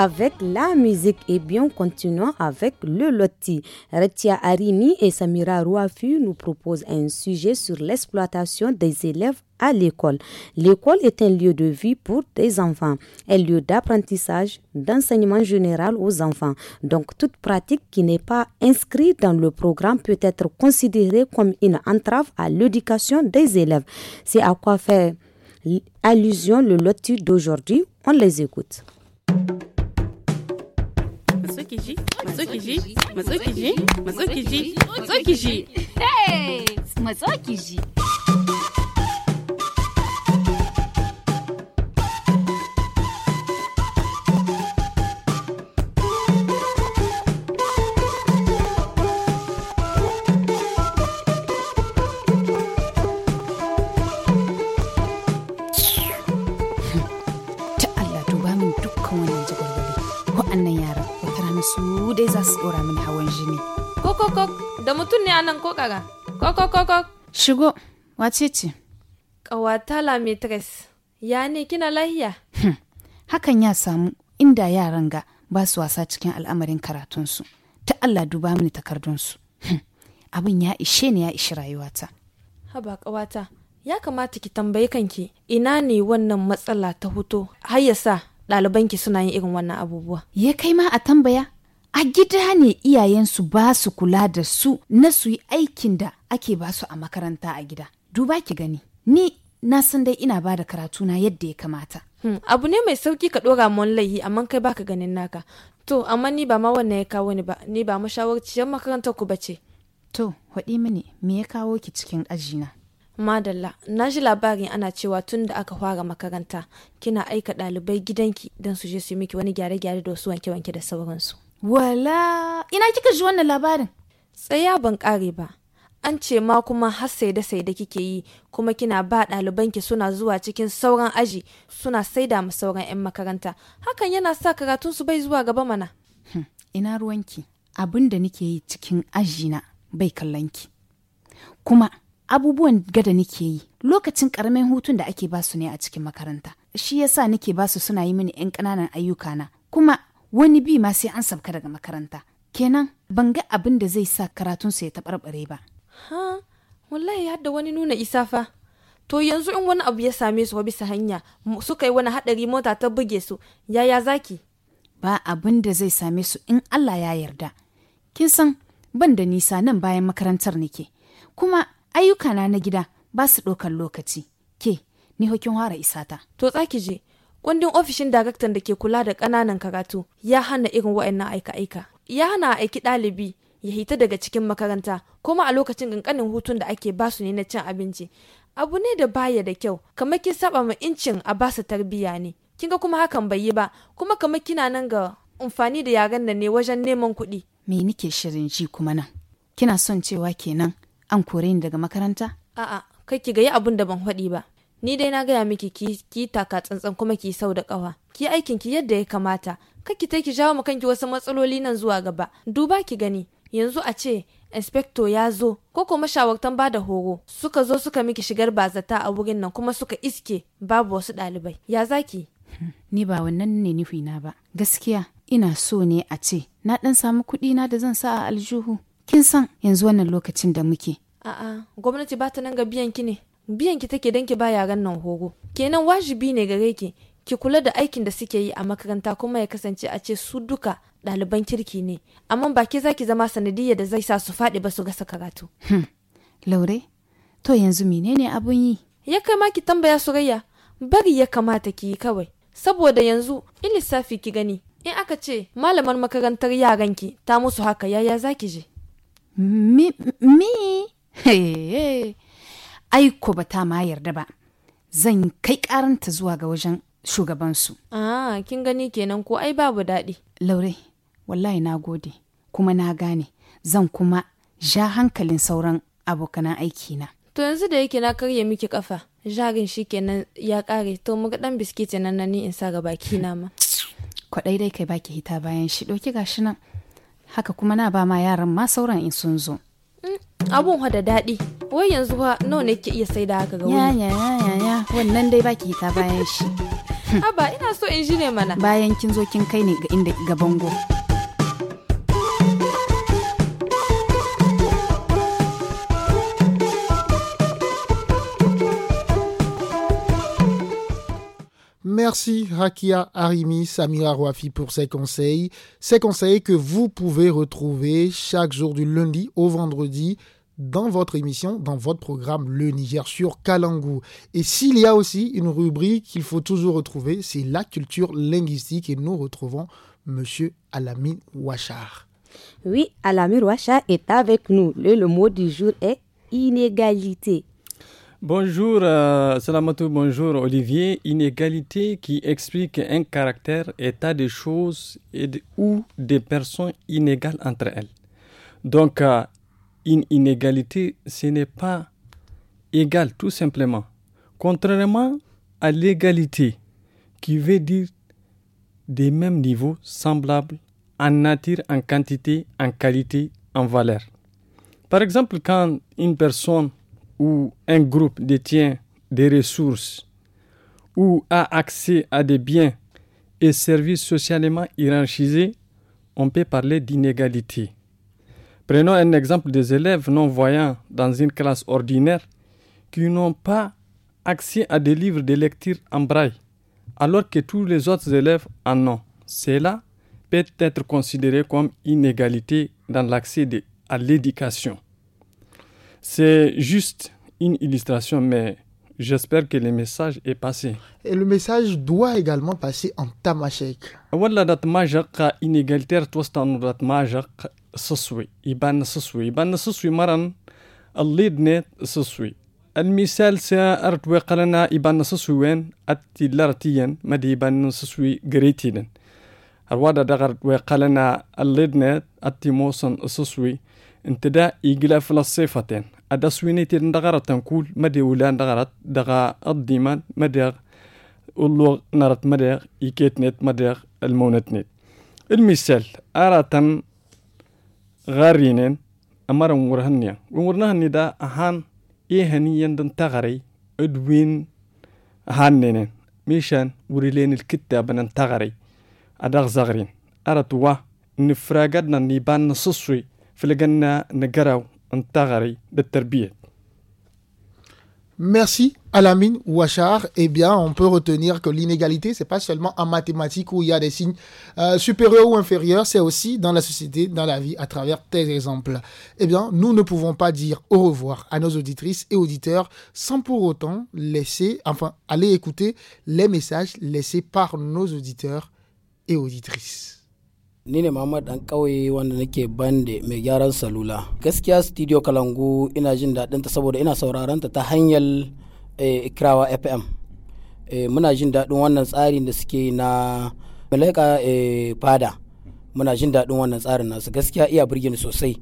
avec la musique. Et bien, continuons avec le loti. Retia Arimi et Samira Rouafu nous proposent un sujet sur l'exploitation des élèves à l'école. L'école est un lieu de vie pour des enfants, un lieu d'apprentissage, d'enseignement général aux enfants. Donc toute pratique qui n'est pas inscrite dans le programme peut être considérée comme une entrave à l'éducation des élèves. C'est à quoi fait allusion le loti d'aujourd'hui. On les écoute. matso ki ji matso su dai za su dora mini hawan jini kokokok da mutum ne anan kokara kokokokok shigo wace ce ƙawata la metres ya ne kina lahiya hmm. hakan ya samu inda yaran ga ba su wasa cikin al'amarin karatunsu ta allah duba mini takardunsu hmm. abin ya ishe ni ya ishi rayuwata haba ƙawata ya kamata ki tambayi kanki ina ne wannan matsala ta hoto har ya sa ɗalibanki suna yin irin wannan abubuwa. Ya kai ma a tambaya a gida ne iyayensu ba su kula da su na su yi aikin da ake ba su a makaranta a gida duba ki gani ni na san dai ina ba da karatuna yadda ya kamata hmm, abu ne mai sauki ka dora mun laihi amma kai baka ganin naka to amma ni ba ma wannan ya kawo ni ba ni ba mashawarciyar makarantar ku bace to waɗi mini me ya kawo ki cikin ajina madalla na ji labarin ana cewa tun da aka fara makaranta kina aika ɗalibai gidanki don su je su yi miki wani gyare-gyare da wasu wanke-wanke da sauransu Wala, ina kika ji wannan labarin? Tsaya ban ƙare ba. An ce ma kuma har sai da sai da kike yi kuma kina ba ki suna zuwa cikin sauran aji suna saida ma sauran 'yan makaranta. Hakan yana sa karatun su bai zuwa gaba mana. Hmm, ina ruwanki, abin da nike yi cikin aji na bai kallon ki. Kuma abubuwan gada nike yi lokacin ƙaramin hutun da ake basu ne a cikin makaranta. Shi yasa nike basu suna yi mini 'yan ƙananan ayyuka na Kuma wani bi ma sai an sabka daga makaranta kenan ban ga abin da zai sa karatun karatunsa ya taɓarɓare ba ha wallahi ya da wani nuna isa fa to yanzu in wani abu ya same su bisa hanya suka yi wani haɗari mota ta buge su yaya zaki ba abin da zai same su in allah ya yarda kin san ban da nisa nan bayan makarantar nake kuma ayyukana na gida ba su ɗaukar lokaci ke ni hokin hara isata to tsaki je Kundin ofishin daraktan da ke kula da kananan karatu ya hana irin wa'annan aika-aika. Ya hana aiki ɗalibi ya hita daga cikin makaranta kuma a lokacin ƙanƙanin hutun da ake basu ne na cin abinci. Abu ne da baya da kyau, kamar kin saba ma incin a basa tarbiyya ne. Kin ga kuma hakan bai yi ba, kuma kamar kina nan ga amfani da yaren nan ne wajen neman kuɗi. Me nike shirin ji kuma nan? Kina son cewa kenan an kore ni daga makaranta? A'a, kai ki ga yi abun da ban faɗi ba. ni dai na gaya miki ki ki taka tsantsan kuma ki sau da kawa ki aikin ki yadda ya kamata kar ki ki jawo mu kanki wasu matsaloli nan zuwa gaba duba ki gani yanzu a ce inspector ya zo ko kuma shawartan ba da horo suka zo suka miki shigar bazata a wurin nan kuma suka iske babu wasu ɗalibai ya zaki hmm, ni ba wannan ne nufi na ba gaskiya ina so ne a ce na ɗan samu kuɗi na da zan sa a aljuhu kin san yanzu wannan lokacin da muke a'a gwamnati ba ta nan ga biyan ki ne biyan ki take don ki ba yaran nan horo kenan wajibi ne gare ki ki kula da aikin da suke yi a makaranta kuma ya kasance a ce su duka ɗaliban kirki ne amma ba ki za ki zama sanadiyya da zai sa su faɗi ba su gasa karatu. Hmm. laure to yanzu menene abun yi ya kai ma ki tambaya surayya bari ya kamata ki yi kawai saboda yanzu in lissafi ki gani in aka ce malamar makarantar yaran ki ta musu haka yaya za ki je mi mi aiko ba ta ma yarda ba zan kai karanta zuwa ga wajen shugabansu. Ah, kin gani kenan ko ai babu daɗi. Laure, wallahi na gode, kuma na gane, zan kuma ja hankalin sauran abokanan aikina. To yanzu da yake na karya miki kafa, jarin shi kenan ya kare to muga ɗan biskiti nan na ni in sa ga baki na ma. Kwaɗai dai kai baki hita bayan shi ɗauki gashi nan. Haka kuma na ba ma yaran ma sauran in sun zo. Mm, abun da daɗi. wai yanzu ha nawa ne ke iya sai da haka ga wani ya ya ya wannan dai baki ta bayan shi haba ina so in ji ne mana bayan kin zo kin kai ne ga inda ga bango Merci Rakia Harimi, Samira Rouafi pour ces conseils. Ces conseils que vous pouvez retrouver chaque jour du lundi au vendredi dans votre émission, dans votre programme Le Niger sur Kalangou. Et s'il y a aussi une rubrique qu'il faut toujours retrouver, c'est la culture linguistique et nous retrouvons Monsieur Alamir Ouachar. Oui, Alamir Ouachar est avec nous. Le, mot du jour est inégalité. Bonjour euh, bonjour Olivier. Inégalité qui explique un caractère, état des choses et ou des personnes inégales entre elles. Donc, euh, une inégalité, ce n'est pas égal, tout simplement. Contrairement à l'égalité, qui veut dire des mêmes niveaux semblables en nature, en quantité, en qualité, en valeur. Par exemple, quand une personne ou un groupe détient des ressources ou a accès à des biens et services socialement hiérarchisés, on peut parler d'inégalité. Prenons un exemple des élèves non-voyants dans une classe ordinaire qui n'ont pas accès à des livres de lecture en braille, alors que tous les autres élèves en ont. Cela peut être considéré comme inégalité dans l'accès à l'éducation. C'est juste une illustration, mais j'espère que le message est passé. Et le message doit également passer en tamashek. سسوي يبان سسوي يبان سسوي مرن الليد نت سسوي المثال سا أرتوي قلنا يبان سسوي وين أتي لارتيا مدي يبان سسوي قريتين الوادا دغر وقالنا الليد نت أتي موسن سسوي دا يقلا في الصفتين أدا سوينيتي دغرة تنقول مدي ولان دغرة دغا الديمان مدغ اللغ نرت مدير يكيت نت مدير المونت نت المثال أراتن gharinen amaran wurhania wurnahanida ahan ihaniyandan tagaray adwin ahanenen mishan wurilenil kitabanan tagaray adag zagrin aratwa nifragadna niban nasusui filagana nagaraw antagaray da tarbiyat Merci Alamine Ouachar. Eh bien, on peut retenir que l'inégalité, n'est pas seulement en mathématiques où il y a des signes euh, supérieurs ou inférieurs, c'est aussi dans la société, dans la vie, à travers tes exemples. Eh bien, nous ne pouvons pas dire au revoir à nos auditrices et auditeurs sans pour autant laisser, enfin, aller écouter les messages laissés par nos auditeurs et auditrices. ni ne Muhammad dan kauye wanda nake bande mai gyaran salula gaskiya studio kalangu ina jin daɗin ta saboda ina sauraron ta ta hanyar eh, ikrawa fm eh, muna jin daɗin wannan tsarin da suke na malaika eh, fada muna jin daɗin wannan tsarin nasu gaskiya iya birgin sosai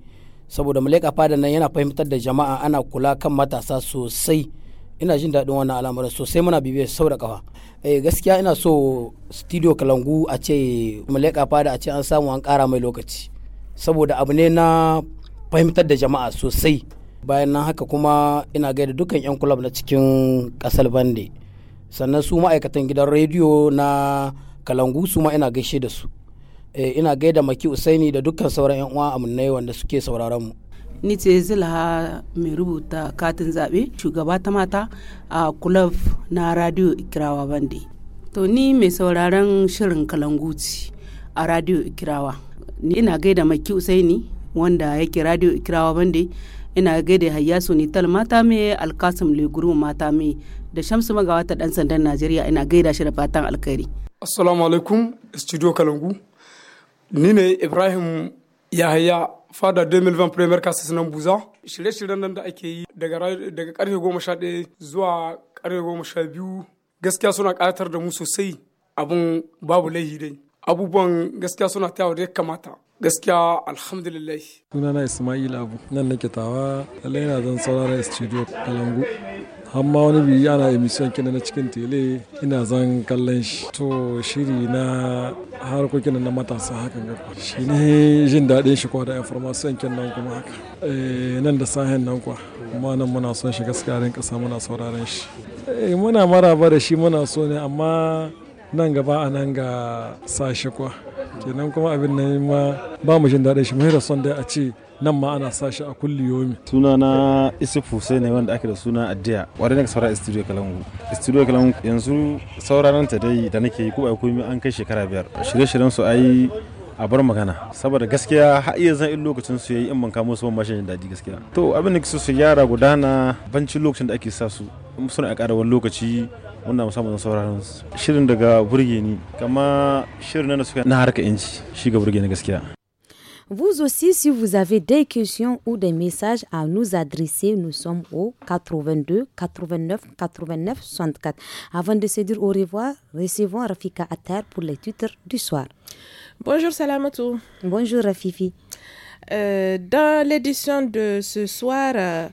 saboda malaika fada nan yana fahimtar da jama'a ana kula kan matasa sosai ina jin daɗin wannan al'amuran sosai muna bibiyar sau da kafa eh gaskiya ina so studio kalangu a ce muleka fada a ce an samu an ƙara mai lokaci saboda abu ne na fahimtar da jama'a sosai bayan nan haka kuma ina gaida dukkan 'yan kulab na cikin ƙasar bande sannan su ma'aikatan gidan rediyo na kalangu su ma ina gaishe da su eh, ina gaida maki usaini da dukkan sauran 'yan uwa aminai wanda suke sauraron mu ni ce zila mai rubuta katin zaɓe shugaba ta mata a kulaf na radio ikirawa bande to ni mai sauraron shirin kalanguci a radio ikirawa ni ina gaida maki usaini wanda yake radio ikirawa bande ina gaida hayyasu nital mata mai alkasim leguru mata mai da shamsu magawa ta dan sandan najeriya ina gaida shi da fatan alkhairi assalamu alaikum studio kalangu ni ne ibrahim yahaya fada 2020 premier cast nan buza shirye-shiryen nan da ake yi daga karfe 11 zuwa karfe 12 gaskiya suna karatar da mu sosai abun babu laihi dai abubuwan gaskiya suna ta da ya kamata gaskiya alhamdulillah na ismail abu nan nake tawa lallai na zan saurara studio kalangu amma wani biyu ana emission kina na cikin tele ina zan kallon shi to shiri na harkokin na matasa hakan ga shi ne jin daɗin shi kwa da information kin nan kuma haka eh, nan da sahen nan kwa amma nan muna son shi gaskiya rin ƙasa muna sauraron shi eh, muna maraba da shi muna so ne amma nan gaba a nan ga sashi kuwa kenan kuma abin nan ma ba mu jin daɗin shi mu da son dai a ce nan ma ana sashi a kulli yomi suna na isufu sai ne wanda ake da suna addiya wadda na saura studio kalangu studio kalangu yanzu sauraron ta dai da nake yi ko a komi an kai shekara biyar shirye-shiryen su ayi a bar magana saboda gaskiya har iya zan in lokacin su yayi in ban kamo su mashin daɗi gaskiya to abin da su su yara gudana banci lokacin da ake sa su in suna a ƙara wani lokaci wanda mu samu sauraron shirin daga burge ni kama shirin na suka na harka inci shi ga burge ni gaskiya Vous aussi, si vous avez des questions ou des messages à nous adresser, nous sommes au 82 89 89 64. Avant de se dire au revoir, recevons Rafika Attar pour les titres du soir. Bonjour Salamatu. Bonjour Rafifi. Euh, dans l'édition de ce soir, euh,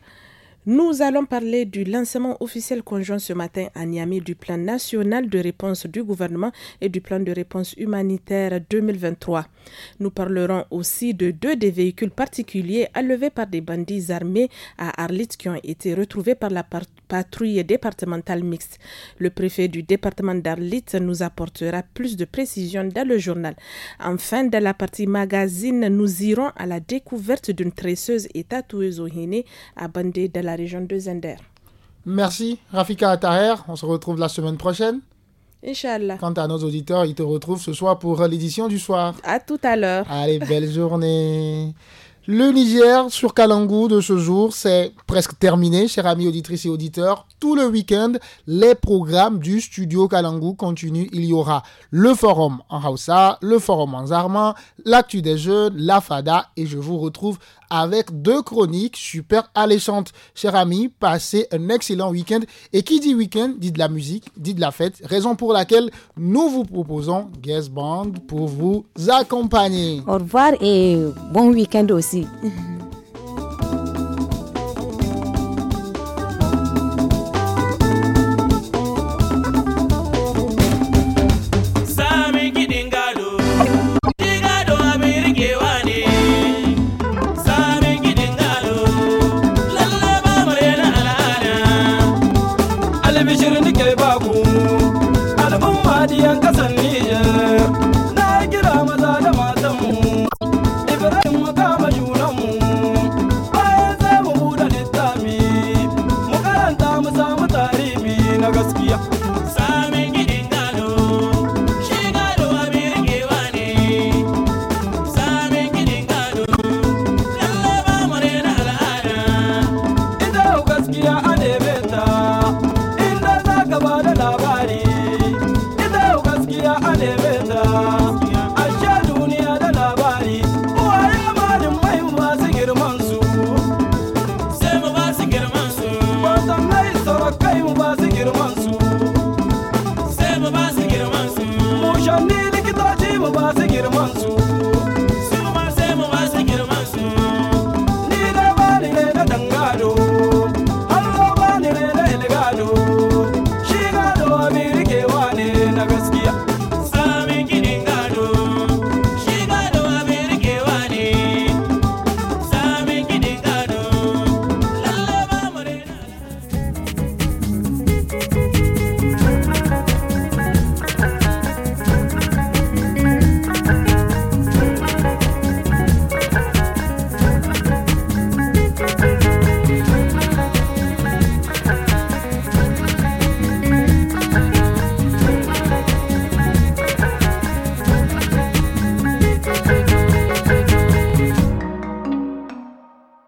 nous allons parler du lancement officiel conjoint ce matin à Niamey du plan national de réponse du gouvernement et du plan de réponse humanitaire 2023. Nous parlerons aussi de deux des véhicules particuliers enlevés par des bandits armés à Arlit qui ont été retrouvés par la patrouille départementale mixte. Le préfet du département d'Arlit nous apportera plus de précisions dans le journal. Enfin, dans la partie magazine, nous irons à la découverte d'une tresseuse et tatoueuse au à abandonnée dans la les région de Zender. Merci Rafika Attaher, on se retrouve la semaine prochaine. Inch'Allah. Quant à nos auditeurs, ils te retrouvent ce soir pour l'édition du soir. À tout à l'heure. Allez, belle journée. Le Niger sur Kalangou de ce jour, c'est presque terminé, chers amis auditrices et auditeurs. Tout le week-end, les programmes du studio Kalangou continuent. Il y aura le forum en Hausa, le forum en Zarma, l'actu des jeunes, la Fada, et je vous retrouve avec deux chroniques super alléchantes. Chers amis, passez un excellent week-end. Et qui dit week-end dit de la musique, dit de la fête, raison pour laquelle nous vous proposons Guest Band pour vous accompagner. Au revoir et bon week-end aussi.